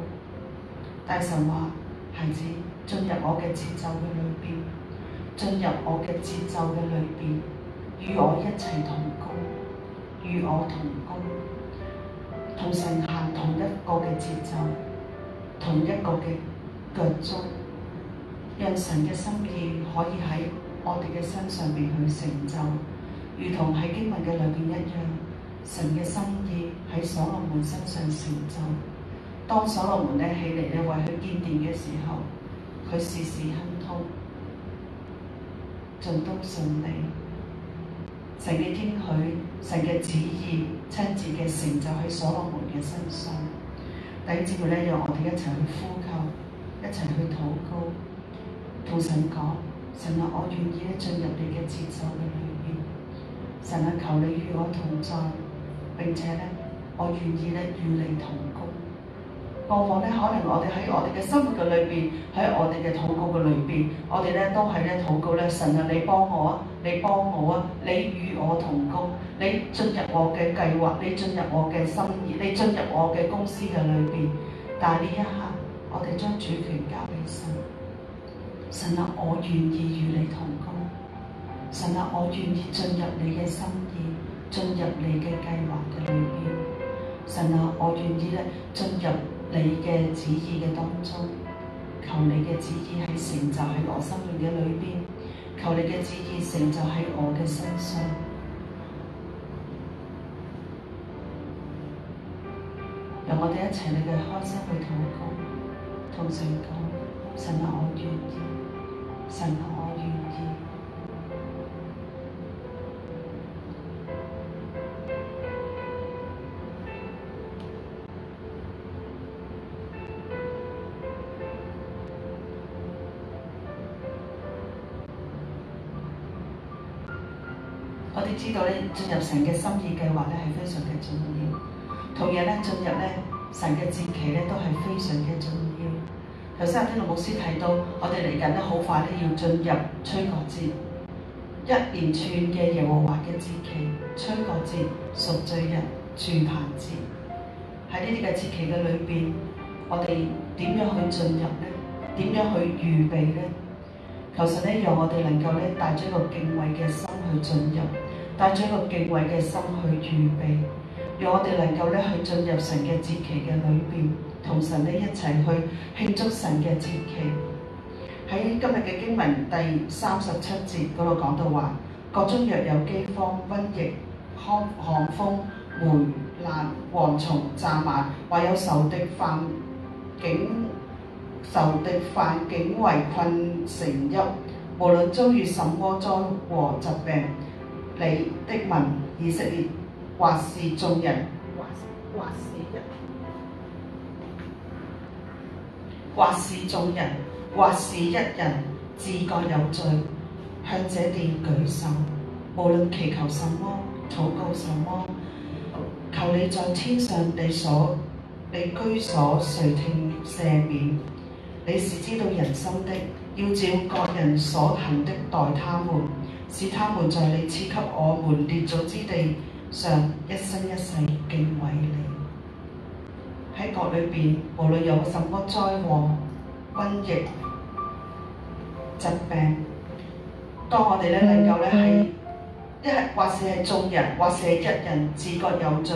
大神話，孩子。進入我嘅節奏嘅裏面，進入我嘅節奏嘅裏面，與我一齊同工，與我同工，同神行同一個嘅節奏，同一個嘅腳足，讓神嘅心意可以喺我哋嘅身上面去成就，如同喺經文嘅裏邊一樣，神嘅心意喺所羅門身上成就。當所羅門起嚟為佢建殿嘅時候，佢事事亨通，進東進西，神嘅應許，神嘅旨意，親自嘅成就喺所羅門嘅身上。弟兄姊妹咧，讓我哋一齊去呼求，一齊去禱告，同神講：神啊，我願意咧進入你嘅聖所嘅裏面。神啊，求你與我同在。並且咧，我願意咧與你同。播放可能我哋喺我哋嘅生活嘅裏邊，喺我哋嘅禱告嘅裏邊，我哋都喺咧禱告，神啊，你幫我，你幫我，你與我同工，你進入我嘅計劃，你進入我嘅心意，你進入我嘅公司嘅裏面。但係呢一刻，我哋將主權交俾神。神啊，我願意與你同工。神啊，我願意進入你嘅心意，進入你嘅計劃嘅裏邊。神啊，我願意咧進入。你嘅旨意嘅當中，求你嘅旨意喺成就喺我心命嘅裏邊，求你嘅旨意在成就喺我嘅身上，讓我哋一齊呢個開心去禱告，同誰講，神我願意，神我願意。進入神嘅心意計劃咧，係非常嘅重要。同樣咧，進入咧神嘅節期咧，都係非常嘅重要。頭先阿老牧師睇到，我哋嚟緊咧好快咧要進入吹角節，一連串嘅耶和華嘅節期，吹角節、贖罪日、住棚節。喺呢啲嘅節期嘅裏邊，我哋點樣去進入咧？點樣去預備呢？求神咧，讓我哋能夠咧帶咗一個敬畏嘅心去進入。帶咗一個敬畏嘅心去預備，讓我哋能夠咧去進入神嘅節期嘅裏邊，同神一齊去慶祝神嘅節期。喺今日嘅經文第三十七節嗰度講到話：各種若有饑荒、瘟疫、旱旱風、霉爛、蝗蟲、蚱蜢，還有仇敵犯境、仇敵犯境圍困成邑，無論遭遇什麼災禍和疾病。你的民以色列，或是眾人，或是眾人，或是一人，自覺有罪，向這殿舉手，無論祈求什麼，禱告什麼，求你在天上你所你居所垂聽赦免。你是知道人心的，要照各人所行的待他們。使他們在你賜給我們列祖之地上一生一世敬畏你。喺國裏邊，無論有什麼災禍、瘟疫、疾病，當我哋咧能夠呢，喺一，或是係眾人，或是是一人，自覺有罪，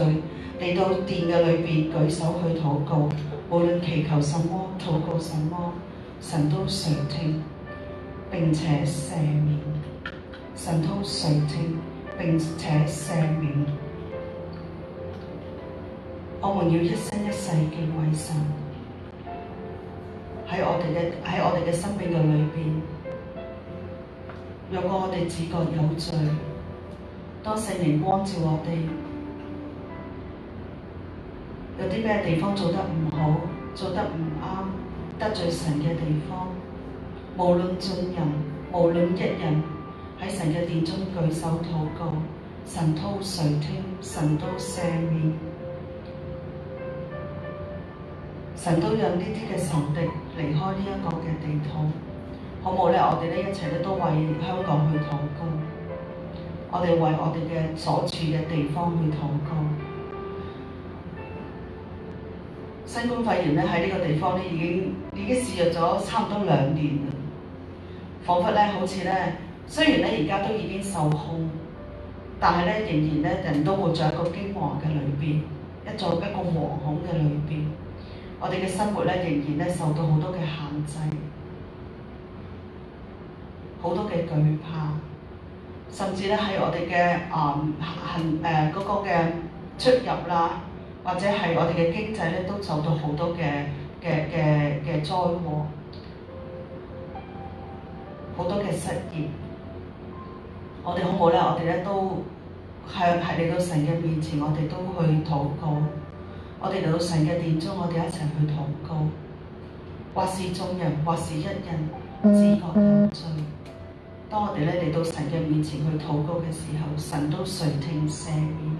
嚟到殿嘅裏邊舉手去禱告，無論祈求什麼，禱告什麼，神都常聽，並且赦免。神通垂聽並且赦免。我們要一生一世嘅畏神，喺我哋嘅喺我哋嘅生命嘅裏邊，若果我哋自覺有罪，多謝你光照我哋，有啲咩地方做得唔好，做得唔啱，得罪神嘅地方，無論眾人，無論一人。喺神嘅殿中舉手禱告，神都垂聽，神都赦免，神都讓呢啲嘅仇敵離開呢一個嘅地土，好冇咧？我哋咧一齊咧都為香港去禱告，我哋為我哋嘅所住嘅地方去禱告。新冠肺炎咧喺呢個地方已經已經肆虐咗差唔多兩年啦，彷彿咧好似咧。雖然呢，而家都已經受控，但係呢，仍然呢，人都活在一個驚惶嘅裏面，一座一個惶恐嘅裏面。我哋嘅生活呢，仍然呢受到好多嘅限制，好多嘅懼怕，甚至呢係我哋嘅啊行誒嗰個嘅出入啦，或者係我哋嘅經濟呢，都受到好多嘅嘅嘅嘅災禍，好多嘅失業。我哋好唔好咧？我哋咧都喺喺嚟到神嘅面前，我哋都去禱告。我哋嚟到神嘅殿中，我哋一齊去禱告，或是眾人，或是一人，自覺有罪。當我哋咧嚟到神嘅面前去禱告嘅時候，神都垂聽赦免。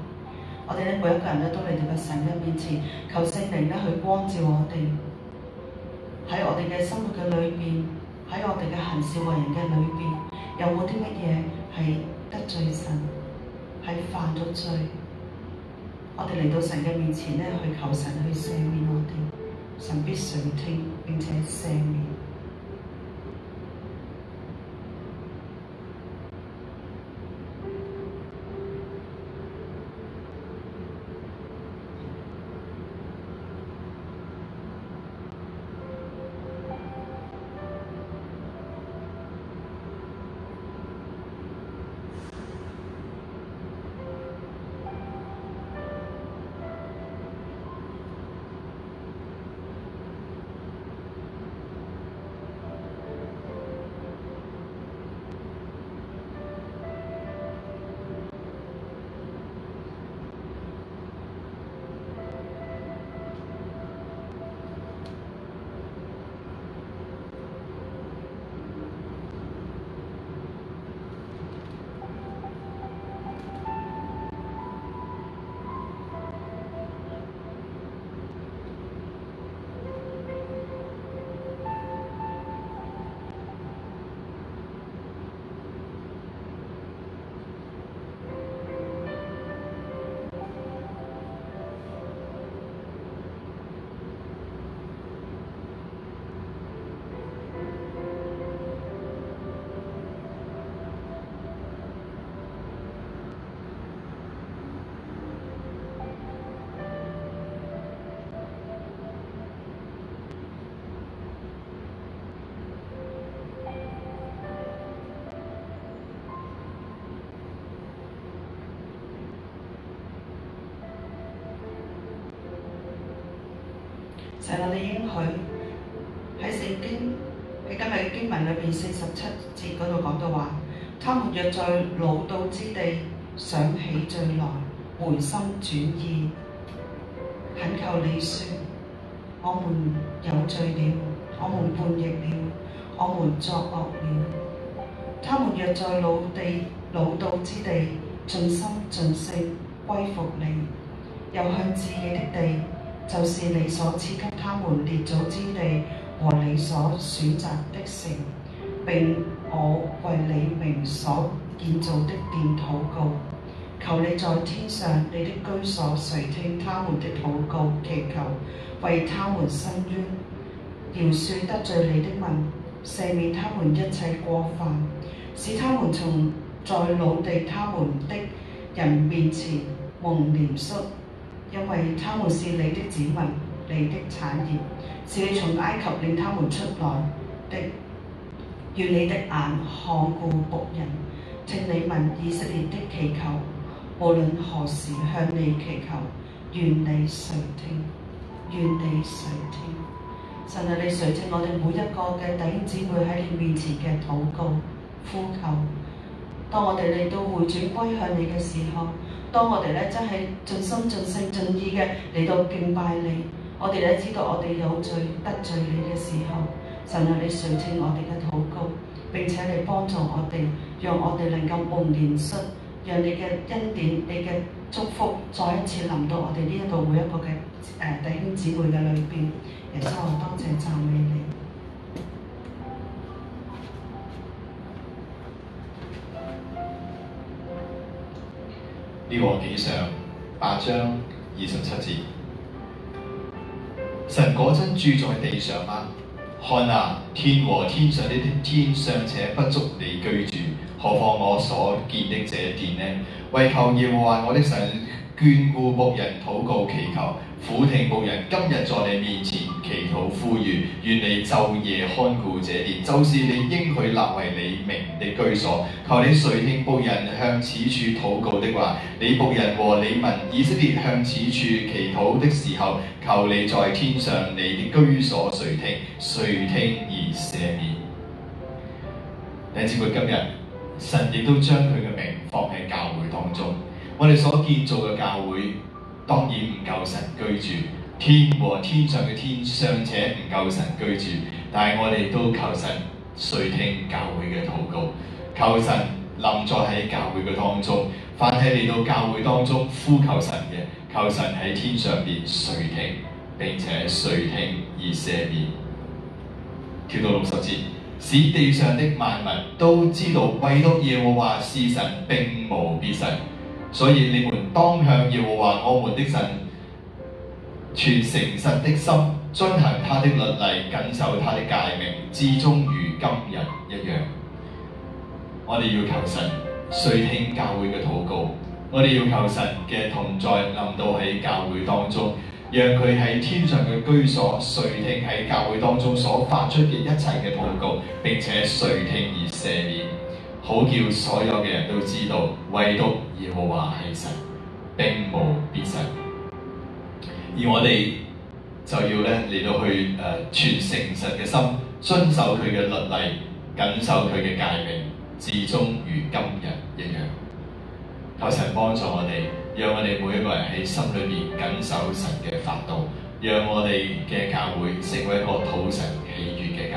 我哋咧每一個人咧都嚟到神嘅面前，求聖靈咧去光照我哋喺我哋嘅生活嘅裏邊，喺我哋嘅行事為人嘅裏邊，有冇啲乜嘢？係得罪神，係犯咗罪，我哋嚟到神嘅面前咧，去求神去赦免我哋，神必垂聽，並且赦免。係啦，你應許喺聖經喺今日經文裏面四十七節嗰度講到話，他們若在老道之地想起罪來，回心轉意，懇求你説，我們有罪了，我們叛逆了，我們作惡了。他們若在老道之地盡心盡性歸服你，又向自己的地。就是你所賜給他們列祖之地和你所選擇的城，並我為你名所建造的殿，禱告，求你在天上你的居所垂聽他們的禱告祈求，為他們伸冤，饒恕得罪你的民，赦免他們一切過犯，使他們從在擄他們的人面前蒙憐恤。因為他們是你的子民，你的產業，是你從埃及領他們出來的。願你的眼看顧僕人，聽你民以色列的祈求，無論何時向你祈求，願你垂聽，願你垂聽。神啊，你垂聽我哋每一個嘅弟兄姊妹喺你面前嘅禱告、呼求。當我哋嚟到回轉歸向你嘅時候。當我哋咧真係盡心盡性盡意嘅嚟到敬拜你，我哋咧知道我哋有罪得罪你嘅時候，神啊，你垂聽我哋嘅禱告，並且你幫助我哋，讓我哋能夠蒙憐恤，讓你嘅恩典、你嘅祝福再一次臨到我哋呢度每一個嘅弟兄姊妹嘅裏面。耶穌啊，多謝讚美你！列王紀上八章二十七節，神果真住在地上嗎？啊？看啊，天和天上呢啲天尚且不足你居住，何況我所見的這殿呢？為求耶和華，啊、我的神眷顧牧人，禱告祈求。俯聽僕人今日在你面前祈禱呼籲，願你晝夜看顧這殿，就是你應許立為你名的居所。求你垂聽僕人向此處禱告的話。你僕人和你民以色列向此處祈禱的時候，求你在天上你的居所垂聽，垂聽而赦免。你接過今日，神亦都將佢嘅名放喺教會當中，我哋所建造嘅教會。當然唔夠神居住，天和天上嘅天尚且唔夠神居住，但係我哋都求神垂聽教會嘅禱告，求神臨在喺教會嘅當中，凡係嚟到教會當中呼求神嘅，求神喺天上邊垂聽並且垂聽而赦免。跳到六十節，使地上的萬民都知道，唯獨耶和華是神並無別神。所以你們當向耶和華我們的神，存誠實的心，遵行他的律例，謹守他的誡命，至終如今日一樣。我哋要求神垂聽教會嘅禱告，我哋要求神嘅同在臨到喺教會當中，讓佢喺天上嘅居所垂聽喺教會當中所發出嘅一切嘅禱告，並且垂聽而赦免。好叫所有嘅人都知道，唯獨耶和華是神，並無別神。而我哋就要咧嚟到去誒存誠實嘅心，遵守佢嘅律例，謹守佢嘅誡命，至終如今日一樣。求神幫助我哋，讓我哋每一個人喺心裏面謹守神嘅法度，讓我哋嘅教會成為一個討神喜悅嘅。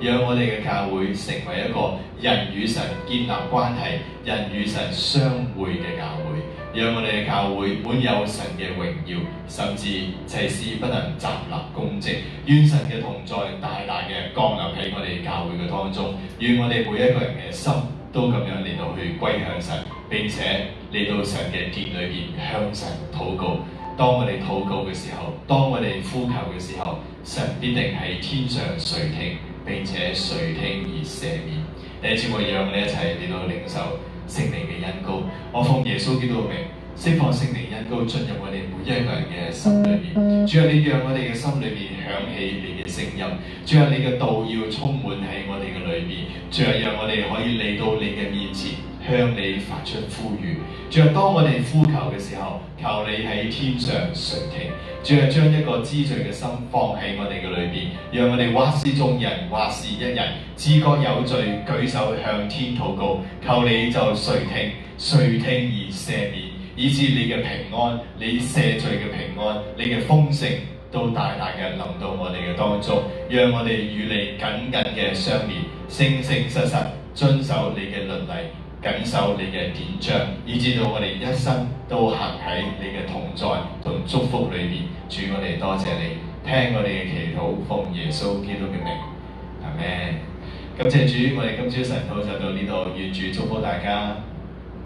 讓我哋嘅教會成為一個人與神建立關係、人與神相會嘅教會，讓我哋嘅教會本有神嘅榮耀，甚至祭司不能站立供職，願神嘅同在大大嘅降臨喺我哋教會嘅當中，願我哋每一個人嘅心都咁樣嚟到去歸向神，並且嚟到神嘅殿裏邊向神禱告。當我哋禱告嘅時候，當我哋呼求嘅時候，神必定喺天上垂聽，並且垂聽而赦免，乃至為讓你一齊嚟到領受聖靈嘅恩膏。我奉耶穌基督嘅名，釋放聖靈恩膏進入我哋每一個人嘅心裏面。主啊，你讓我哋嘅心裏面響起你嘅聲音。主啊，你嘅道要充滿喺我哋嘅裏面。主啊，讓我哋可以嚟到你嘅面前，向你發出呼籲，仲有當我哋呼求嘅時候，求你喺天上垂聽，仲有將一個知罪嘅心放喺我哋嘅裏面，讓我哋或是一眾人，或是一人，自覺有罪，舉手向天禱告，求你就垂聽，垂聽而赦免，以致你嘅平安，你赦罪嘅平安，你嘅豐盛都大大嘅臨到我哋嘅當中，讓我哋與你緊緊嘅相連，誠誠實實遵守你嘅律例。感受你嘅典章，以致到我哋一生都行喺你嘅同在同祝福裏邊。主，我哋多謝你，聽我哋嘅祈禱，奉耶穌基督嘅名，阿們。感謝主，我哋今朝晨禱就到呢度，願主祝福大家。